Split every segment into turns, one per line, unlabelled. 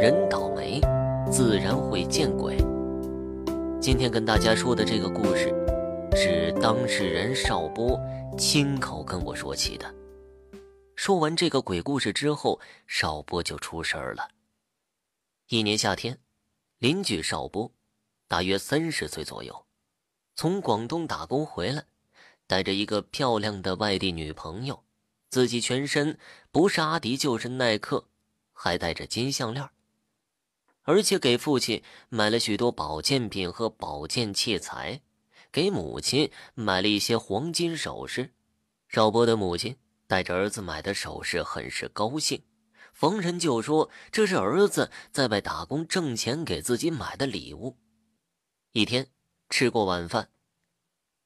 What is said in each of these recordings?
人倒霉，自然會見鬼。今天跟大家說的這個故事，是當事人邵波親口跟我說起的。說完這個鬼故事之後，邵波就出事兒了。一年夏天，鄰居邵波，大約三十歲左右，從廣東打工回來，帶着一個漂亮的外地女朋友，自己全身不是阿迪就是耐克，還戴着金項鏈。而且給父親買了許多保健品和保健器材，給母親買了一些黃金首飾。少波的母親帶着兒子買的首飾，很是高興，逢人就說這是兒子在外打工掙錢給自己買的禮物。一天吃過晚飯，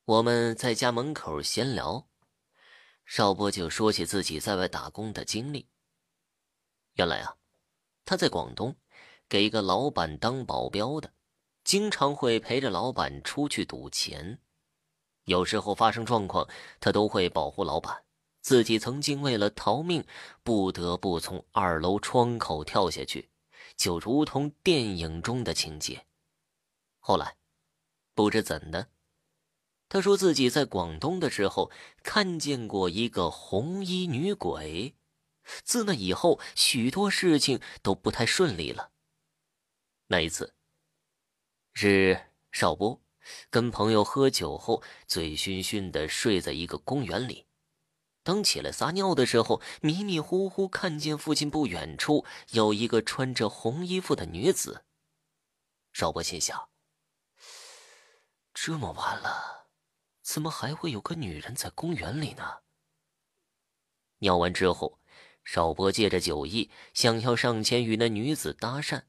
我們在家門口閒聊，少波就說起自己在外打工的經歷。原來啊，他在廣東。給一個老闆當保鏢的，經常會陪着老闆出去賭錢，有時候發生狀況，他都會保護老闆。自己曾經為了逃命，不得不從二樓窗口跳下去，就如同電影中的情節。後來，不知怎的，他說自己在廣東的時候看見過一個紅衣女鬼，自那以後，許多事情都不太順利了。那一次，是邵波跟朋友喝酒後，醉醺醺的睡在一個公園裡。當起來撒尿的時候，迷迷糊糊看見附近不遠處有一個穿着紅衣服的女子。邵波心想：這麼晚了，怎麼還會有個女人在公園裡呢？尿完之後，邵波借着酒意想要上前與那女子搭訕。